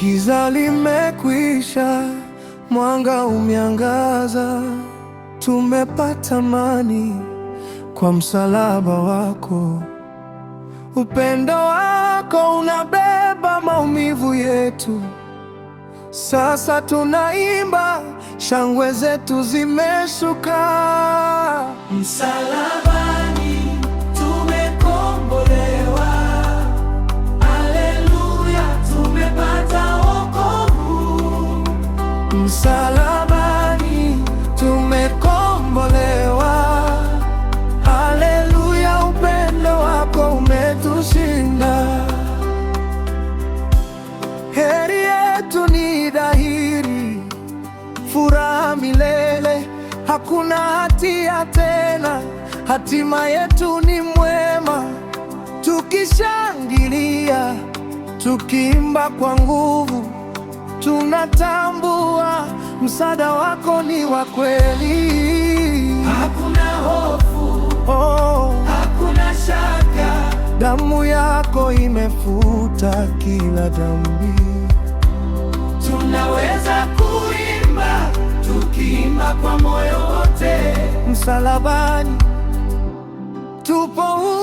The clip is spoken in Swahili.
Giza limekwisha, mwanga umeangaza. Tumepata amani kwa msalaba wako. Upendo wako unabeba maumivu yetu. Sasa tunaimba, shangwe zetu zimeshuka. Msalaba furaha milele, hakuna hatia tena, hatima yetu ni mwema. Tukishangilia, tukiimba kwa nguvu, tunatambua msaada wako ni wa kweli. Hakuna hofu, oh, hakuna shaka, damu yako imefuta kila dhambi, tunaweza kuwa tukiimba kwa moyo wote msalabani tupo